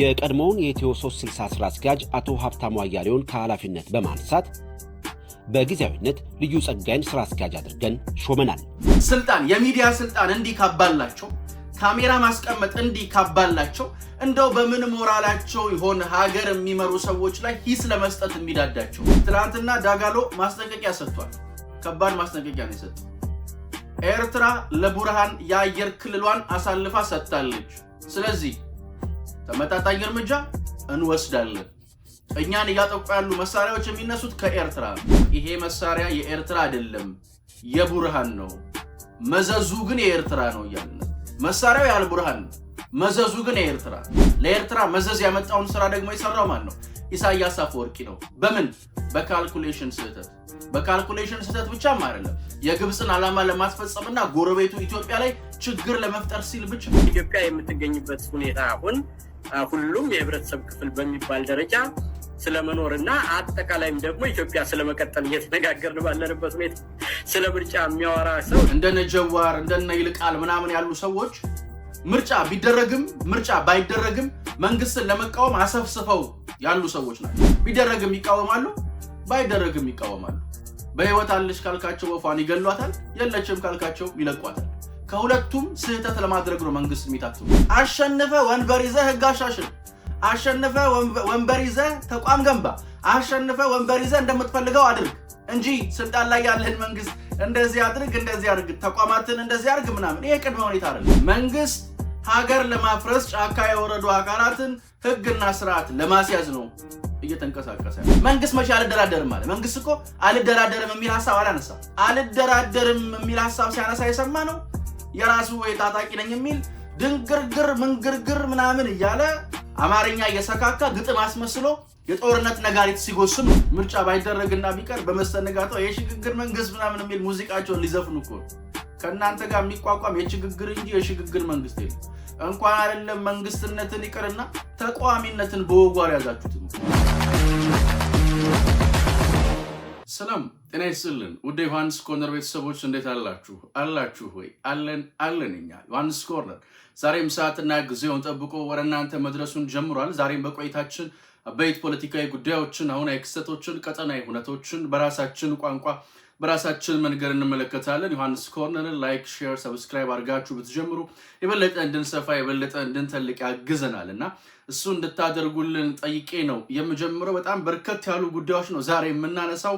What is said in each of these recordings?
የቀድሞውን የኢትዮ 360 ሥራ አስኪያጅ አቶ ሀብታሙ አያሌውን ከኃላፊነት በማንሳት በጊዜያዊነት ልዩ ጸጋይን ሥራ አስኪያጅ አድርገን ሾመናል። ስልጣን የሚዲያ ስልጣን እንዲህ ካባላቸው፣ ካሜራ ማስቀመጥ እንዲህ ካባላቸው፣ እንደው በምን ሞራላቸው ይሆን ሀገር የሚመሩ ሰዎች ላይ ሂስ ለመስጠት የሚዳዳቸው? ትናንትና ዳጋሎ ማስጠንቀቂያ ሰጥቷል። ከባድ ማስጠንቀቂያ ነው የሰጠው። ኤርትራ ለቡርሃን የአየር ክልሏን አሳልፋ ሰጥታለች። ስለዚህ ተመጣጣኝ እርምጃ እንወስዳለን። እኛን እያጠቁ ያሉ መሳሪያዎች የሚነሱት ከኤርትራ ነው። ይሄ መሳሪያ የኤርትራ አይደለም፣ የቡርሃን ነው፣ መዘዙ ግን የኤርትራ ነው እያልን መሳሪያው ቡርሃን ነው፣ መዘዙ ግን የኤርትራ። ለኤርትራ መዘዝ ያመጣውን ስራ ደግሞ የሰራው ማን ነው? ኢሳያስ አፈወርቂ ነው። በምን በካልኩሌሽን ስህተት። በካልኩሌሽን ስህተት ብቻም አይደለም የግብፅን ዓላማ ለማስፈጸምና ጎረቤቱ ኢትዮጵያ ላይ ችግር ለመፍጠር ሲል ብቻ ኢትዮጵያ የምትገኝበት ሁኔታ አሁን ሁሉም የህብረተሰብ ክፍል በሚባል ደረጃ ስለመኖር እና አጠቃላይም ደግሞ ኢትዮጵያ ስለመቀጠል እየተነጋገርን ባለንበት ሁኔታ ስለ ምርጫ የሚያወራ ሰው እንደነ ጀዋር እንደነ ይልቃል ምናምን ያሉ ሰዎች ምርጫ ቢደረግም ምርጫ ባይደረግም መንግስትን ለመቃወም አሰፍስፈው ያሉ ሰዎች ናቸው። ቢደረግም ይቃወማሉ፣ ባይደረግም ይቃወማሉ። በህይወት አለች ካልካቸው ወፏን ይገሏታል፣ የለችም ካልካቸው ይለቋታል። ከሁለቱም ስህተት ለማድረግ ነው መንግስት የሚታትሩ። አሸነፈ ወንበር ይዘ ህግ አሻሽል፣ አሸነፈ ወንበር ይዘ ተቋም ገንባ፣ አሸነፈ ወንበር ይዘ እንደምትፈልገው አድርግ እንጂ ስልጣን ላይ ያለን መንግስት እንደዚህ አድርግ እንደዚህ አድርግ ተቋማትን እንደዚህ አድርግ ምናምን፣ ይሄ ቅድመ ሁኔታ አይደለም። መንግስት ሀገር ለማፍረስ ጫካ የወረዱ አካላትን ህግና ስርዓት ለማስያዝ ነው እየተንቀሳቀሰ መንግስት መቼ አልደራደርም አለ? መንግስት እኮ አልደራደርም የሚል ሀሳብ አላነሳም። አልደራደርም የሚል ሀሳብ ሲያነሳ የሰማ ነው የራሱ ወይ ታጣቂ ነኝ የሚል ድንግርግር ምንግርግር ምናምን እያለ አማርኛ እየሰካካ ግጥም አስመስሎ የጦርነት ነጋሪት ሲጎስም ምርጫ ባይደረግና ቢቀር በመስተንጋቷ የሽግግር መንግስት ምናምን የሚል ሙዚቃቸውን ሊዘፍኑ እኮ ከእናንተ ጋር የሚቋቋም የችግግር እንጂ የሽግግር መንግስት የለም። እንኳን አይደለም መንግስትነትን ይቅርና ተቋሚነትን በወጓር ያዛችሁት። ሰላም ጤና ይስጥልን። ውድ ዮሐንስ ኮርነር ቤተሰቦች እንዴት አላችሁ? አላችሁ ወይ? አለን አለን። እኛ ዮሐንስ ኮርነር ዛሬም ሰዓትና ጊዜውን ጠብቆ ወደ እናንተ መድረሱን ጀምሯል። ዛሬም በቆይታችን አበይት ፖለቲካዊ ጉዳዮችን፣ አሁናዊ ክስተቶችን፣ ቀጠናዊ ሁነቶችን በራሳችን ቋንቋ በራሳችን መንገድ እንመለከታለን። ዮሐንስ ኮርነርን ላይክ፣ ሼር፣ ሰብስክራይብ አድርጋችሁ ብትጀምሩ የበለጠ እንድንሰፋ የበለጠ እንድንተልቅ ያግዘናል እና እሱ እንድታደርጉልን ጠይቄ ነው የምጀምረው። በጣም በርከት ያሉ ጉዳዮች ነው ዛሬ የምናነሳው።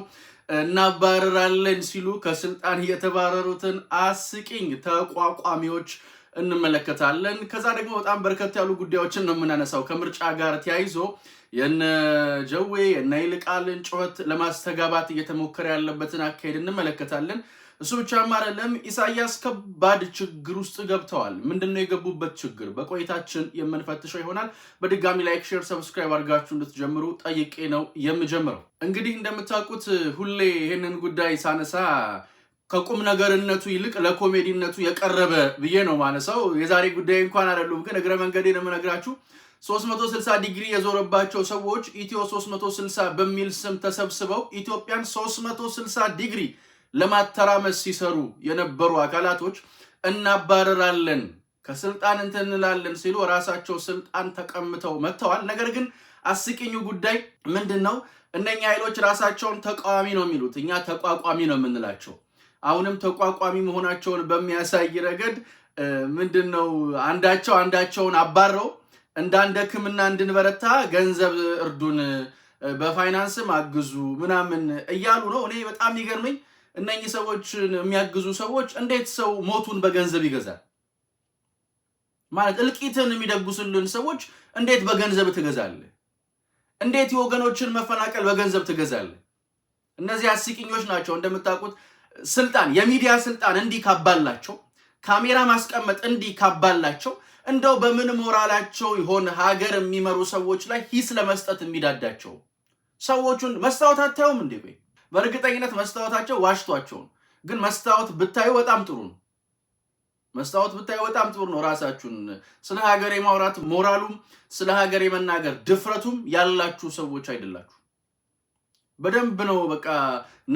እናባረራለን ሲሉ ከስልጣን የተባረሩትን አስቂኝ ተቋቋሚዎች እንመለከታለን። ከዛ ደግሞ በጣም በርከት ያሉ ጉዳዮችን ነው የምናነሳው ከምርጫ ጋር ተያይዞ የነ ጀዌ የነ ይልቃልን ጩኸት ለማስተጋባት እየተሞከረ ያለበትን አካሄድ እንመለከታለን። እሱ ብቻም አይደለም፣ ኢሳያስ ከባድ ችግር ውስጥ ገብተዋል። ምንድነው የገቡበት ችግር? በቆይታችን የምንፈትሸው ይሆናል። በድጋሚ ላይክ፣ ሼር፣ ሰብስክራይብ አድርጋችሁ እንድትጀምሩ ጠይቄ ነው የምጀምረው። እንግዲህ እንደምታውቁት ሁሌ ይህንን ጉዳይ ሳነሳ ከቁም ነገርነቱ ይልቅ ለኮሜዲነቱ የቀረበ ብዬ ነው ማነሳው። የዛሬ ጉዳይ እንኳን አይደሉም፣ ግን እግረ መንገዴ ነው የምነግራችሁ። 360 ዲግሪ የዞረባቸው ሰዎች ኢትዮ 360 በሚል ስም ተሰብስበው ኢትዮጵያን 360 ዲግሪ ለማተራመስ ሲሰሩ የነበሩ አካላቶች እናባረራለን፣ ከስልጣን እንትን እንላለን ሲሉ ራሳቸው ስልጣን ተቀምተው መጥተዋል። ነገር ግን አስቂኙ ጉዳይ ምንድን ነው? እነኛ ኃይሎች ራሳቸውን ተቃዋሚ ነው የሚሉት፣ እኛ ተቋቋሚ ነው የምንላቸው አሁንም ተቋቋሚ መሆናቸውን በሚያሳይ ረገድ ምንድን ነው አንዳቸው አንዳቸውን አባረው እንዳንደክምና እንድንበረታ ገንዘብ እርዱን፣ በፋይናንስም አግዙ ምናምን እያሉ ነው። እኔ በጣም ይገርመኝ እነኚህ ሰዎችን የሚያግዙ ሰዎች እንዴት ሰው ሞቱን በገንዘብ ይገዛል? ማለት እልቂትን የሚደጉስልን ሰዎች እንዴት በገንዘብ ትገዛል? እንዴት የወገኖችን መፈናቀል በገንዘብ ትገዛል? እነዚህ አስቂኞች ናቸው እንደምታውቁት ስልጣን የሚዲያ ስልጣን እንዲህ ካባላቸው ካሜራ ማስቀመጥ እንዲህ ካባላቸው እንደው በምን ሞራላቸው ይሆን ሀገር የሚመሩ ሰዎች ላይ ሂስ ለመስጠት የሚዳዳቸው? ሰዎቹን መስታወት አታዩም እንዴ? ቆይ በእርግጠኝነት መስታወታቸው ዋሽቷቸውን፣ ግን መስታወት ብታዩ በጣም ጥሩ ነው። መስታወት ብታዩ በጣም ጥሩ ነው። ራሳችሁን ስለ ሀገር የማውራት ሞራሉም ስለ ሀገር የመናገር ድፍረቱም ያላችሁ ሰዎች አይደላችሁ። በደንብ ነው በቃ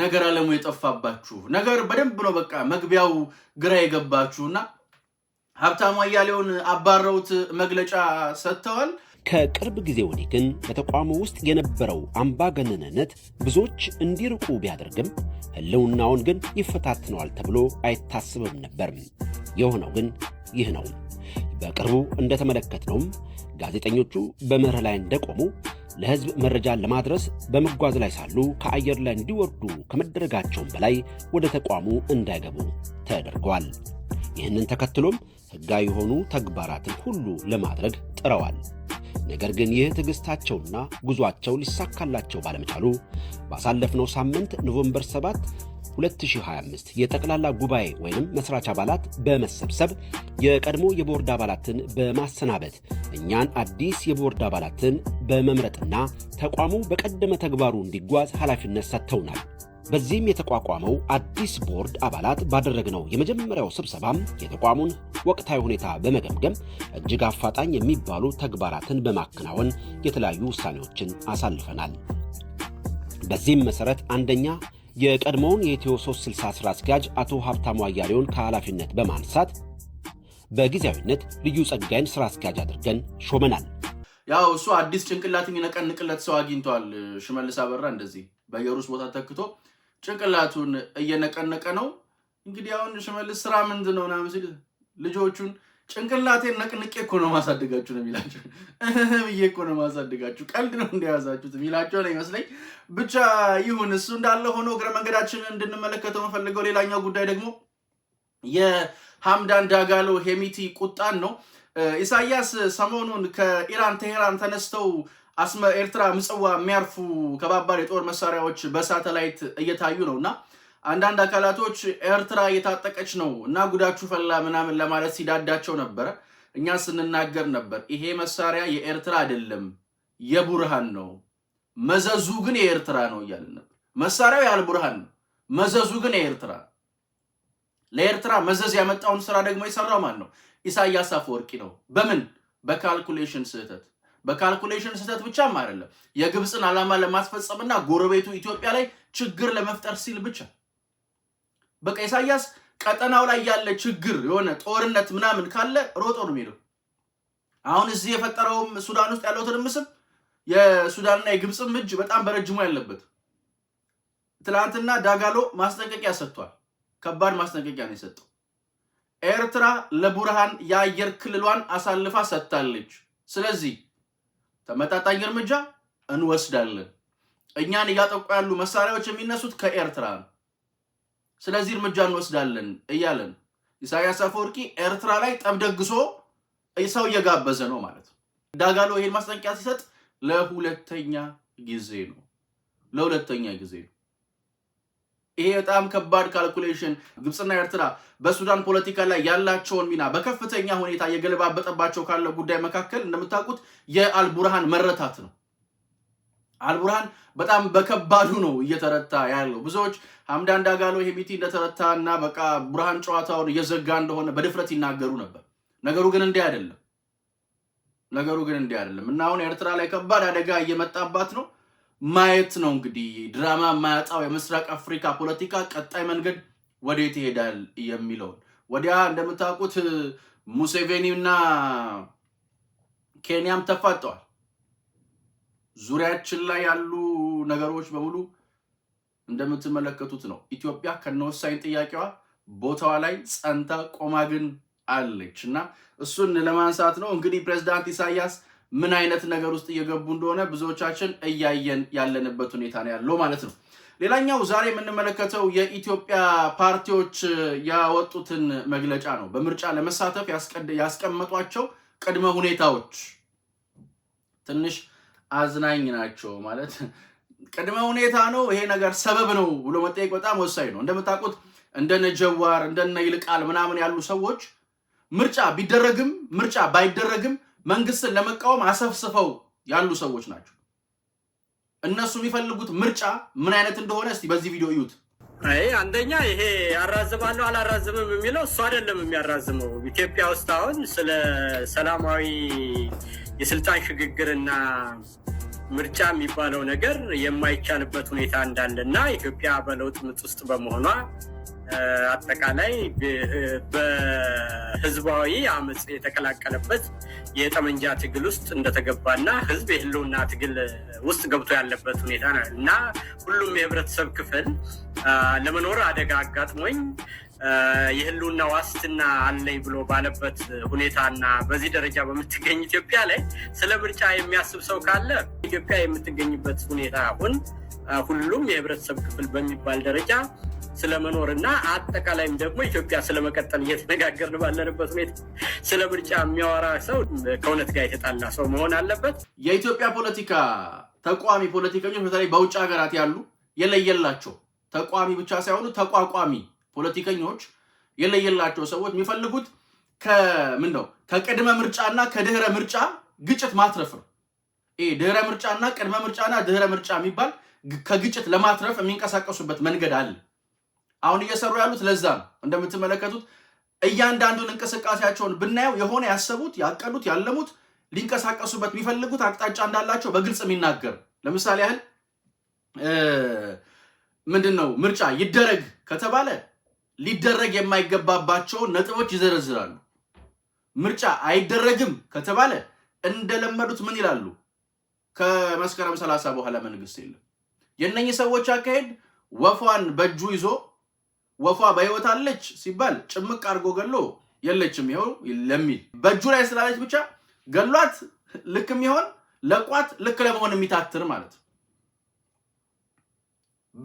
ነገር አለሙ የጠፋባችሁ ነገር በደንብ ነው በቃ መግቢያው ግራ የገባችሁና ሀብታሙ አያሌውን አባረውት መግለጫ ሰጥተዋል። ከቅርብ ጊዜ ወዲህ ግን በተቋሙ ውስጥ የነበረው አምባገነንነት ብዙዎች እንዲርቁ ቢያደርግም ሕልውናውን ግን ይፈታትነዋል ተብሎ አይታስብም ነበር። የሆነው ግን ይህ ነው። በቅርቡ እንደተመለከትነውም ጋዜጠኞቹ በመርህ ላይ እንደቆሙ ለህዝብ መረጃ ለማድረስ በመጓዝ ላይ ሳሉ ከአየር ላይ እንዲወርዱ ከመደረጋቸውም በላይ ወደ ተቋሙ እንዳይገቡ ተደርጓል። ይህንን ተከትሎም ህጋዊ የሆኑ ተግባራትን ሁሉ ለማድረግ ጥረዋል። ነገር ግን ይህ ትዕግሥታቸውና ጉዟቸው ሊሳካላቸው ባለመቻሉ ባሳለፍነው ሳምንት ኖቨምበር 7 2025 የጠቅላላ ጉባኤ ወይም መስራች አባላት በመሰብሰብ የቀድሞ የቦርድ አባላትን በማሰናበት እኛን አዲስ የቦርድ አባላትን በመምረጥና ተቋሙ በቀደመ ተግባሩ እንዲጓዝ ኃላፊነት ሰጥተውናል። በዚህም የተቋቋመው አዲስ ቦርድ አባላት ባደረግነው የመጀመሪያው ስብሰባም የተቋሙን ወቅታዊ ሁኔታ በመገምገም እጅግ አፋጣኝ የሚባሉ ተግባራትን በማከናወን የተለያዩ ውሳኔዎችን አሳልፈናል። በዚህም መሰረት አንደኛ የቀድሞውን የኢትዮ 360 ሥራ አስኪያጅ አቶ ሀብታሙ አያሌውን ከኃላፊነት በማንሳት በጊዜያዊነት ልዩ ጸጋይን ሥራ አስኪያጅ አድርገን ሾመናል። ያው እሱ አዲስ ጭንቅላት የሚነቀንቅለት ሰው አግኝተዋል። ሽመልስ አበራ እንደዚህ በየሩስ ቦታ ተክቶ ጭንቅላቱን እየነቀነቀ ነው። እንግዲህ አሁን ሽመልስ ስራ ምንድን ነው ምናምን ሲል ልጆቹን ጭንቅላቴን ነቅንቄ እኮ ነው ማሳድጋችሁ ነው የሚላቸው። ብዬ እኮ ነው ማሳድጋችሁ፣ ቀልድ ነው እንደያዛችሁት የሚላቸው ነው ይመስለኝ። ብቻ ይሁን እሱ እንዳለ ሆኖ እግረ መንገዳችንን እንድንመለከተው መፈልገው ሌላኛው ጉዳይ ደግሞ የሀምዳን ዳጋሎ ሄሚቲ ቁጣን ነው። ኢሳያስ ሰሞኑን ከኢራን ቴሄራን ተነስተው አስመ ኤርትራ ምጽዋ የሚያርፉ ከባባድ የጦር መሳሪያዎች በሳተላይት እየታዩ ነው እና አንዳንድ አካላቶች ኤርትራ እየታጠቀች ነው እና ጉዳችሁ ፈላ ምናምን ለማለት ሲዳዳቸው ነበረ። እኛ ስንናገር ነበር፣ ይሄ መሳሪያ የኤርትራ አይደለም የቡርሃን ነው፣ መዘዙ ግን የኤርትራ ነው እያልን ነበር። መሳሪያው ቡርሃን ነው፣ መዘዙ ግን የኤርትራ ለኤርትራ መዘዝ ያመጣውን ስራ ደግሞ የሰራው ማን ነው? ኢሳያስ አፈወርቂ ነው። በምን በካልኩሌሽን ስህተት በካልኩሌሽን ስህተት ብቻም አይደለም የግብፅን ዓላማ ለማስፈጸምና ጎረቤቱ ኢትዮጵያ ላይ ችግር ለመፍጠር ሲል ብቻ በቃ ኢሳያስ ቀጠናው ላይ ያለ ችግር የሆነ ጦርነት ምናምን ካለ ሮጦ ነው የሚሄደው። አሁን እዚህ የፈጠረውም ሱዳን ውስጥ ያለው ትርምስም የሱዳንና የግብፅም እጅ በጣም በረጅሙ ያለበት። ትናንትና ዳጋሎ ማስጠንቀቂያ ሰጥቷል። ከባድ ማስጠንቀቂያ ነው የሰጠው። ኤርትራ ለቡርሃን የአየር ክልሏን አሳልፋ ሰጥታለች። ስለዚህ ተመጣጣኝ እርምጃ እንወስዳለን። እኛን እያጠቁ ያሉ መሳሪያዎች የሚነሱት ከኤርትራ ነው። ስለዚህ እርምጃ እንወስዳለን እያለን ኢሳያስ አፈወርቂ ኤርትራ ላይ ጠብ ደግሶ ሰው እየጋበዘ ነው ማለት ነው። ዳጋሎ ይሄን ማስጠንቀቂያ ሲሰጥ ለሁለተኛ ጊዜ ነው፣ ለሁለተኛ ጊዜ ነው። ይሄ በጣም ከባድ ካልኩሌሽን ግብፅና ኤርትራ በሱዳን ፖለቲካ ላይ ያላቸውን ሚና በከፍተኛ ሁኔታ እየገለባበጠባቸው ካለ ጉዳይ መካከል እንደምታውቁት የአልቡርሃን መረታት ነው። አልቡርሃን በጣም በከባዱ ነው እየተረታ ያለው። ብዙዎች ሐምዳን ዳጋሎ ሄሚቲ እንደተረታ እና በቃ ቡርሃን ጨዋታውን እየዘጋ እንደሆነ በድፍረት ይናገሩ ነበር። ነገሩ ግን እንዲህ አይደለም። ነገሩ ግን እንዲህ አይደለም እና አሁን ኤርትራ ላይ ከባድ አደጋ እየመጣባት ነው። ማየት ነው እንግዲህ ድራማ የማያጣው የምስራቅ አፍሪካ ፖለቲካ ቀጣይ መንገድ ወዴት ይሄዳል የሚለውን። ወዲያ እንደምታውቁት ሙሴቬኒ እና ኬንያም ተፋጠዋል። ዙሪያችን ላይ ያሉ ነገሮች በሙሉ እንደምትመለከቱት ነው። ኢትዮጵያ ከነወሳኝ ጥያቄዋ ቦታዋ ላይ ጸንታ ቆማ ግን አለች እና እሱን ለማንሳት ነው እንግዲህ ፕሬዝዳንት ኢሳያስ ምን አይነት ነገር ውስጥ እየገቡ እንደሆነ ብዙዎቻችን እያየን ያለንበት ሁኔታ ነው ያለው ማለት ነው። ሌላኛው ዛሬ የምንመለከተው የኢትዮጵያ ፓርቲዎች ያወጡትን መግለጫ ነው። በምርጫ ለመሳተፍ ያስቀመጧቸው ቅድመ ሁኔታዎች ትንሽ አዝናኝ ናቸው ማለት ቅድመ ሁኔታ ነው። ይሄ ነገር ሰበብ ነው ብሎ መጠየቅ በጣም ወሳኝ ነው። እንደምታውቁት እንደነ ጀዋር እንደነ ይልቃል ምናምን ያሉ ሰዎች ምርጫ ቢደረግም ምርጫ ባይደረግም መንግስትን ለመቃወም አሰፍስፈው ያሉ ሰዎች ናቸው። እነሱ የሚፈልጉት ምርጫ ምን አይነት እንደሆነ እስቲ በዚህ ቪዲዮ እዩት። አይ አንደኛ ይሄ አራዝማለሁ አላራዝምም የሚለው እሱ አይደለም የሚያራዝመው። ኢትዮጵያ ውስጥ አሁን ስለ ሰላማዊ የስልጣን ሽግግርና ምርጫ የሚባለው ነገር የማይቻልበት ሁኔታ እንዳለና ኢትዮጵያ በለውጥ ምጥ ውስጥ በመሆኗ አጠቃላይ በህዝባዊ አመፅ የተቀላቀለበት የጠመንጃ ትግል ውስጥ እንደተገባና ህዝብ የህልውና ትግል ውስጥ ገብቶ ያለበት ሁኔታ እና ሁሉም የህብረተሰብ ክፍል ለመኖር አደጋ አጋጥሞኝ የህልውና ዋስትና አለኝ ብሎ ባለበት እና በዚህ ደረጃ በምትገኝ ኢትዮጵያ ላይ ስለ ምርጫ የሚያስብ ሰው ካለ ኢትዮጵያ የምትገኝበት ሁኔታ አሁን ሁሉም የህብረተሰብ ክፍል በሚባል ደረጃ ስለመኖርና አጠቃላይም ደግሞ ኢትዮጵያ ስለመቀጠል እየተነጋገርን ባለንበት ሁኔታ ስለ ምርጫ የሚያወራ ሰው ከእውነት ጋር የተጣላ ሰው መሆን አለበት። የኢትዮጵያ ፖለቲካ ተቋሚ ፖለቲከኞች በተለይ በውጭ ሀገራት ያሉ የለየላቸው ተቋሚ ብቻ ሳይሆኑ ተቋቋሚ ፖለቲከኞች የለየላቸው ሰዎች የሚፈልጉት ከምን ነው ከቅድመ ምርጫና ከድህረ ምርጫ ግጭት ማትረፍ ነው። ይሄ ድህረ ምርጫና ቅድመ ምርጫና ድህረ ምርጫ የሚባል ከግጭት ለማትረፍ የሚንቀሳቀሱበት መንገድ አለ። አሁን እየሰሩ ያሉት ለዛ ነው። እንደምትመለከቱት እያንዳንዱን እንቅስቃሴያቸውን ብናየው የሆነ ያሰቡት ያቀዱት ያለሙት ሊንቀሳቀሱበት የሚፈልጉት አቅጣጫ እንዳላቸው በግልጽ የሚናገር ለምሳሌ ያህል ምንድን ነው ምርጫ ይደረግ ከተባለ ሊደረግ የማይገባባቸው ነጥቦች ይዘረዝራሉ። ምርጫ አይደረግም ከተባለ እንደለመዱት ምን ይላሉ? ከመስከረም ሰላሳ በኋላ መንግስት የለም። የእነኚህ ሰዎች አካሄድ ወፏን በእጁ ይዞ ወፏ በህይወት አለች ሲባል ጭምቅ አድርጎ ገሎ የለችም ይኸው ለሚል በእጁ ላይ ስላለች ብቻ ገሏት ልክ የሚሆን ለቋት ልክ ለመሆን የሚታትር ማለት ነው።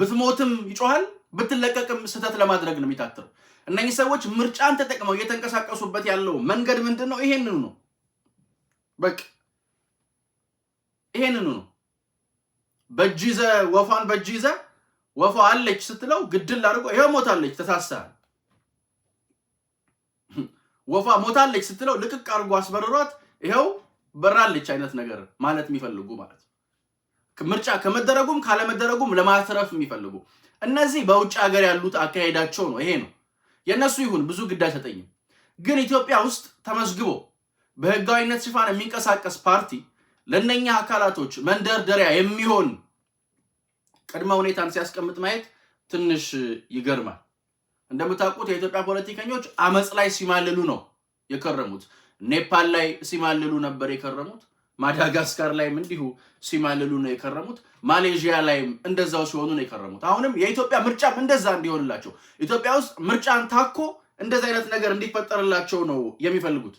ብትሞትም ይጮሃል ብትለቀቅም ስህተት ለማድረግ ነው የሚታትረው። እነኚህ ሰዎች ምርጫን ተጠቅመው እየተንቀሳቀሱበት ያለው መንገድ ምንድን ነው? ይሄንኑ ነው። በቃ ይሄንኑ ነው። በእጅ ይዘ ወፏን በእጅ ይዘ ወፏ አለች ስትለው ግድል አድርጎ ይኸው ሞታለች፣ ተሳሳ ወፏ ሞታለች ስትለው ልቅቅ አድርጎ አስበርሯት ይኸው በራለች አይነት ነገር ማለት የሚፈልጉ ማለት ነው። ምርጫ ከመደረጉም ካለመደረጉም ለማትረፍ የሚፈልጉ እነዚህ በውጭ ሀገር ያሉት አካሄዳቸው ነው። ይሄ ነው የእነሱ ይሁን፣ ብዙ ግድ አይሰጠኝም። ግን ኢትዮጵያ ውስጥ ተመዝግቦ በህጋዊነት ሽፋን የሚንቀሳቀስ ፓርቲ ለእነኛ አካላቶች መንደርደሪያ የሚሆን ቅድመ ሁኔታን ሲያስቀምጥ ማየት ትንሽ ይገርማል። እንደምታውቁት የኢትዮጵያ ፖለቲከኞች አመፅ ላይ ሲማልሉ ነው የከረሙት። ኔፓል ላይ ሲማልሉ ነበር የከረሙት። ማዳጋስካር ላይም እንዲሁ ሲማልሉ ነው የከረሙት። ማሌዥያ ላይም እንደዛው ሲሆኑ ነው የከረሙት። አሁንም የኢትዮጵያ ምርጫም እንደዛ እንዲሆንላቸው ኢትዮጵያ ውስጥ ምርጫን ታኮ እንደዛ አይነት ነገር እንዲፈጠርላቸው ነው የሚፈልጉት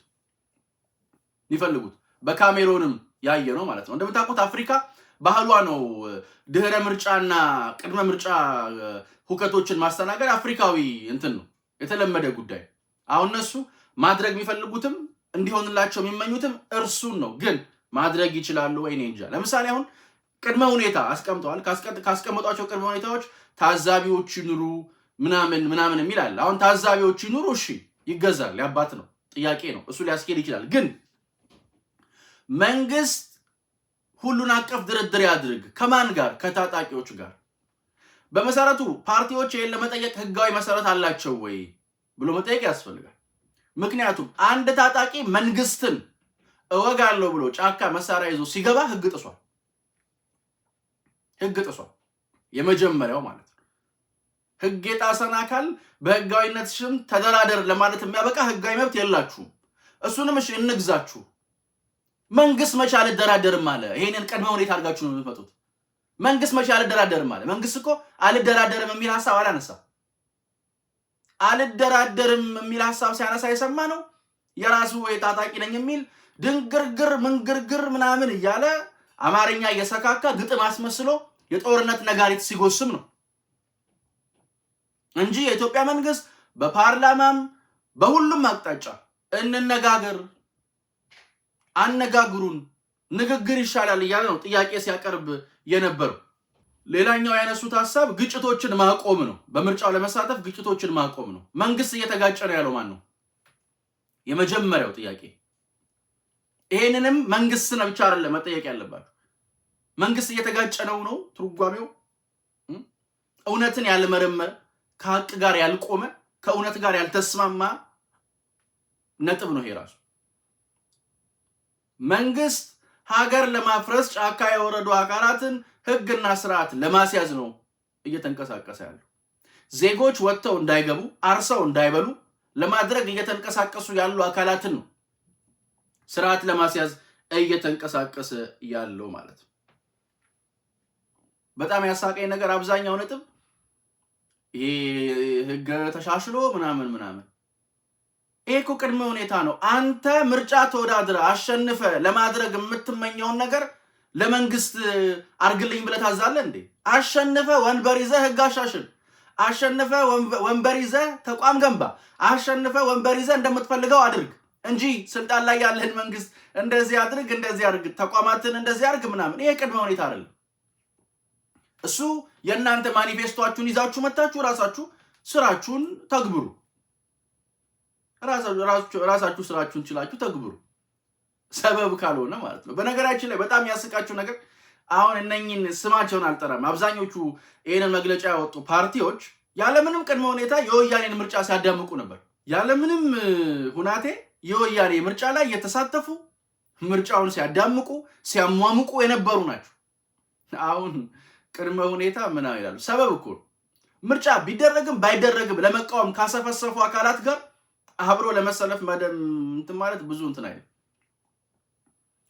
የሚፈልጉት በካሜሮንም ያየ ነው ማለት ነው። እንደምታውቁት አፍሪካ ባህሏ ነው ድህረ ምርጫና ቅድመ ምርጫ ሁከቶችን ማስተናገድ አፍሪካዊ እንትን ነው የተለመደ ጉዳይ። አሁን እነሱ ማድረግ የሚፈልጉትም እንዲሆንላቸው የሚመኙትም እርሱን ነው ግን ማድረግ ይችላሉ ወይ? እኔ እንጃ። ለምሳሌ አሁን ቅድመ ሁኔታ አስቀምጠዋል። ካስቀመጧቸው ቅድመ ሁኔታዎች ታዛቢዎች ይኑሩ ምናምን ምናምን የሚል አለ። አሁን ታዛቢዎች ይኑሩ፣ እሺ፣ ይገዛል። ያባት ነው ጥያቄ ነው እሱ ሊያስኬድ ይችላል። ግን መንግስት ሁሉን አቀፍ ድርድር ያድርግ። ከማን ጋር? ከታጣቂዎች ጋር። በመሰረቱ ፓርቲዎች ይህን ለመጠየቅ ህጋዊ መሰረት አላቸው ወይ ብሎ መጠየቅ ያስፈልጋል። ምክንያቱም አንድ ታጣቂ መንግስትን እወጋለሁ ብሎ ጫካ መሳሪያ ይዞ ሲገባ ህግ ጥሷል። ህግ ጥሷል። የመጀመሪያው ማለት ነው። ህግ የጣሰን አካል በህጋዊነት ሽም ተደራደር ለማለት የሚያበቃ ህጋዊ መብት የላችሁም። እሱንም እሺ እንግዛችሁ። መንግስት መቼ አልደራደርም አለ? ይሄንን ቅድመ ሁኔታ አድርጋችሁ ነው የምትመጡት። መንግስት መቼ አልደራደርም አለ? መንግስት እኮ አልደራደርም የሚል ሀሳብ አላነሳም። አልደራደርም የሚል ሀሳብ ሲያነሳ የሰማ ነው የራሱ የታጣቂ ነኝ የሚል ድንግርግር ምንግርግር ምናምን እያለ አማርኛ እየሰካካ ግጥም አስመስሎ የጦርነት ነጋሪት ሲጎስም ነው እንጂ የኢትዮጵያ መንግስት በፓርላማም በሁሉም አቅጣጫ እንነጋገር፣ አነጋግሩን፣ ንግግር ይሻላል እያለ ነው ጥያቄ ሲያቀርብ የነበረው። ሌላኛው ያነሱት ሀሳብ ግጭቶችን ማቆም ነው። በምርጫው ለመሳተፍ ግጭቶችን ማቆም ነው። መንግስት እየተጋጨ ነው ያለው ማን ነው? የመጀመሪያው ጥያቄ ይሄንንም መንግስት ነው ብቻ አይደለም መጠየቅ ያለባችሁ። መንግስት እየተጋጨ ነው ነው ትርጓሜው። እውነትን ያልመረመረ ከሀቅ ጋር ያልቆመ ከእውነት ጋር ያልተስማማ ነጥብ ነው ይሄ ራሱ። መንግስት ሀገር ለማፍረስ ጫካ የወረዱ አካላትን ህግና ስርዓት ለማስያዝ ነው እየተንቀሳቀሰ ያሉ ዜጎች ወጥተው እንዳይገቡ፣ አርሰው እንዳይበሉ ለማድረግ እየተንቀሳቀሱ ያሉ አካላትን ነው ስርዓት ለማስያዝ እየተንቀሳቀሰ ያለው ማለት ነው። በጣም ያሳቀኝ ነገር አብዛኛው ነጥብ ይሄ ህገ ተሻሽሎ ምናምን ምናምን ይሄ እኮ ቅድመ ሁኔታ ነው። አንተ ምርጫ ተወዳድረ አሸንፈ ለማድረግ የምትመኘውን ነገር ለመንግስት አርግልኝ ብለ ታዛለ እንዴ? አሸንፈ ወንበር ይዘ ህግ አሻሽል፣ አሸንፈ ወንበር ይዘ ተቋም ገንባ፣ አሸንፈ ወንበር ይዘ እንደምትፈልገው አድርግ። እንጂ ስልጣን ላይ ያለህን መንግስት እንደዚህ አድርግ እንደዚህ አድርግ ተቋማትን እንደዚህ አድርግ ምናምን፣ ይሄ ቅድመ ሁኔታ አይደለም። እሱ የእናንተ ማኒፌስቶችሁን ይዛችሁ መታችሁ ራሳችሁ ስራችሁን ተግብሩ። ራሳችሁ ስራችሁን ችላችሁ ተግብሩ፣ ሰበብ ካልሆነ ማለት ነው። በነገራችን ላይ በጣም ያስቃችሁ ነገር አሁን እነኝን ስማቸውን አልጠራም፣ አብዛኞቹ ይህንን መግለጫ ያወጡ ፓርቲዎች ያለምንም ቅድመ ሁኔታ የወያኔን ምርጫ ሲያዳምቁ ነበር። ያለምንም ሁናቴ የወያኔ ምርጫ ላይ የተሳተፉ ምርጫውን ሲያዳምቁ ሲያሟምቁ የነበሩ ናቸው። አሁን ቅድመ ሁኔታ ምና ይላሉ። ሰበብ እኮ ምርጫ ቢደረግም ባይደረግም ለመቃወም ካሰፈሰፉ አካላት ጋር አብሮ ለመሰለፍ መደም እንትን ማለት ብዙ እንትን አይልም።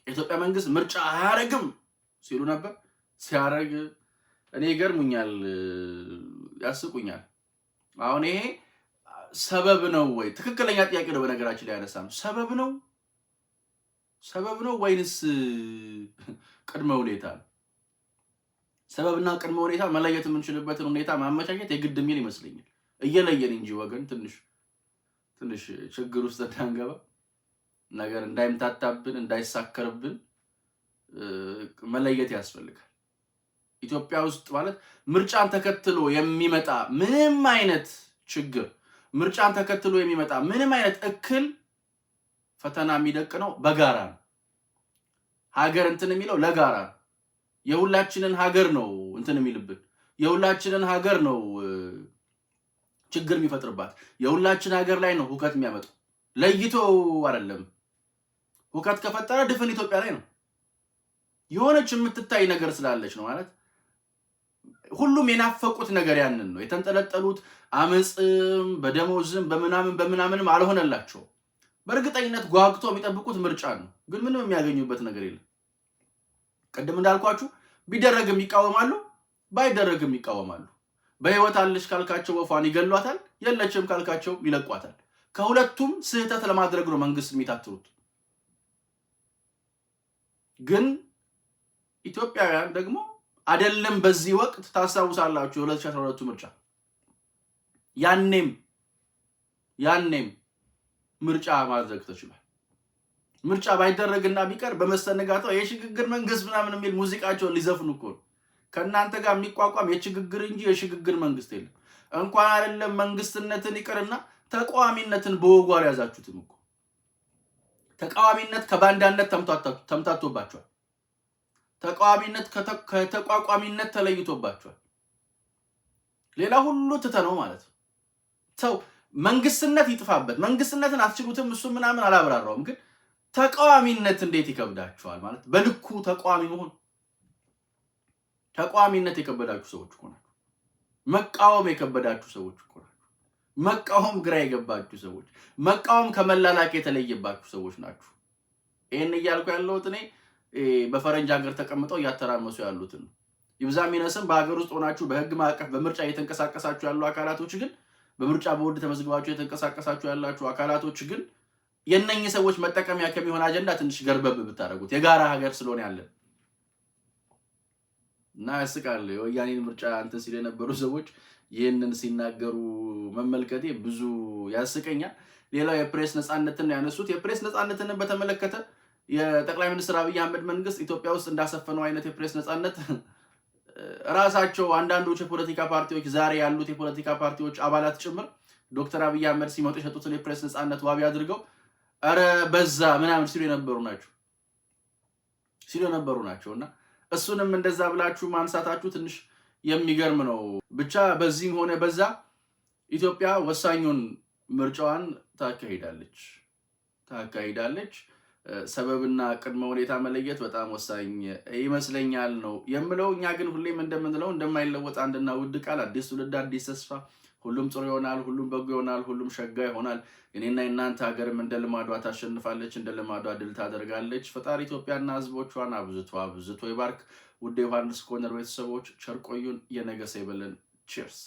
የኢትዮጵያ መንግስት ምርጫ አያረግም ሲሉ ነበር። ሲያረግ እኔ ይገርሙኛል፣ ያስቁኛል። አሁን ይሄ ሰበብ ነው ወይ? ትክክለኛ ጥያቄ ነው። በነገራችን ላይ ያነሳ ነው። ሰበብ ነው ሰበብ ነው ወይንስ ቅድመ ሁኔታ ነው? ሰበብና ቅድመ ሁኔታ መለየት የምንችልበትን ሁኔታ ማመቻቸት የግድ የሚል ይመስለኛል። እየለየን እንጂ ወገን ትንሽ ትንሽ ችግር ውስጥ እንዳንገባ ነገር እንዳይምታታብን እንዳይሳከርብን መለየት ያስፈልጋል። ኢትዮጵያ ውስጥ ማለት ምርጫን ተከትሎ የሚመጣ ምንም አይነት ችግር ምርጫን ተከትሎ የሚመጣ ምንም አይነት እክል ፈተና የሚደቅ ነው። በጋራ ነው ሀገር እንትን የሚለው ለጋራ ነው። የሁላችንን ሀገር ነው እንትን የሚልብን የሁላችንን ሀገር ነው ችግር የሚፈጥርባት የሁላችን ሀገር ላይ ነው ሁከት የሚያመጡ ለይቶ አይደለም ሁከት ከፈጠረ ድፍን ኢትዮጵያ ላይ ነው። የሆነች የምትታይ ነገር ስላለች ነው ማለት ሁሉም የናፈቁት ነገር ያንን ነው። የተንጠለጠሉት አመፅም በደሞዝም በምናምን በምናምንም አልሆነላቸው። በእርግጠኝነት ጓግቶ የሚጠብቁት ምርጫ ነው፣ ግን ምንም የሚያገኙበት ነገር የለም። ቅድም እንዳልኳችሁ ቢደረግም ይቃወማሉ፣ ባይደረግም ይቃወማሉ። በህይወት አለች ካልካቸው ወፏን ይገሏታል፣ የለችም ካልካቸው ይለቋታል። ከሁለቱም ስህተት ለማድረግ ነው መንግስት የሚታትሩት። ግን ኢትዮጵያውያን ደግሞ አይደለም። በዚህ ወቅት ታስታውሳላችሁ የ2012 ምርጫ ያኔም ያኔም ምርጫ ማድረግ ተችሏል። ምርጫ ባይደረግና ቢቀር በመስተንጋታው የሽግግር መንግስት ምናምን የሚል ሙዚቃቸውን ሊዘፍኑ እኮ ነው። ከእናንተ ጋር የሚቋቋም የችግግር እንጂ የሽግግር መንግስት የለም። እንኳን አይደለም መንግስትነትን ይቅርና ተቃዋሚነትን በወጉ አልያዛችሁትም እኮ። ተቃዋሚነት ከባንዳነት ተምታቶባቸዋል። ተቃዋሚነት ከተቋቋሚነት ተለይቶባቸዋል። ሌላ ሁሉ ትተነው ማለት ነው። ሰው መንግስትነት ይጥፋበት፣ መንግስትነትን አትችሉትም፣ እሱ ምናምን አላብራራውም። ግን ተቃዋሚነት እንዴት ይከብዳችኋል? ማለት በልኩ ተቃዋሚ መሆን ተቃዋሚነት የከበዳችሁ ሰዎች እኮ ናችሁ። መቃወም የከበዳችሁ ሰዎች እኮ ናችሁ። መቃወም ግራ የገባችሁ ሰዎች፣ መቃወም ከመላላክ የተለየባችሁ ሰዎች ናችሁ። ይህን እያልኩ ያለሁት እኔ በፈረንጅ ሀገር ተቀምጠው እያተራመሱ ያሉትን ነው። ይብዛም ይነስም በሀገር ውስጥ ሆናችሁ በህግ ማዕቀፍ በምርጫ እየተንቀሳቀሳችሁ ያሉ አካላቶች ግን በምርጫ ቦርድ ተመዝግባችሁ የተንቀሳቀሳችሁ ያላችሁ አካላቶች ግን የነኝ ሰዎች መጠቀሚያ ከሚሆን አጀንዳ ትንሽ ገርበብ ብታደረጉት የጋራ ሀገር ስለሆነ ያለን እና ያስቃል። የወያኔን ምርጫ እንትን ሲል የነበሩ ሰዎች ይህንን ሲናገሩ መመልከቴ ብዙ ያስቀኛል። ሌላው የፕሬስ ነፃነትን ያነሱት። የፕሬስ ነፃነትን በተመለከተ የጠቅላይ ሚኒስትር አብይ አህመድ መንግስት ኢትዮጵያ ውስጥ እንዳሰፈነው አይነት የፕሬስ ነጻነት ራሳቸው አንዳንዶች የፖለቲካ ፓርቲዎች ዛሬ ያሉት የፖለቲካ ፓርቲዎች አባላት ጭምር ዶክተር አብይ አህመድ ሲመጡ የሰጡትን የፕሬስ ነጻነት ዋቢ አድርገው ረ በዛ ምናምን ሲሉ የነበሩ ናቸው ሲሉ የነበሩ ናቸው እና እሱንም እንደዛ ብላችሁ ማንሳታችሁ ትንሽ የሚገርም ነው። ብቻ በዚህም ሆነ በዛ ኢትዮጵያ ወሳኙን ምርጫዋን ታካሂዳለች ታካሂዳለች። ሰበብና ቅድመ ሁኔታ መለየት በጣም ወሳኝ ይመስለኛል ነው የምለው። እኛ ግን ሁሌም እንደምንለው እንደማይለወጥ አንድና ውድ ቃል አዲስ ትውልድ አዲስ ተስፋ፣ ሁሉም ጥሩ ይሆናል፣ ሁሉም በጎ ይሆናል፣ ሁሉም ሸጋ ይሆናል። የኔና የእናንተ ሀገርም እንደ ልማዷ ታሸንፋለች፣ እንደ ልማዷ ድል ታደርጋለች። ፈጣሪ ኢትዮጵያና ሕዝቦቿን አብዝቶ አብዝቶ ይባርክ። ውድ ዮሐንስ ኮነር ቤተሰቦች ቸርቆዩን የነገሰ ይበለን። ቺርስ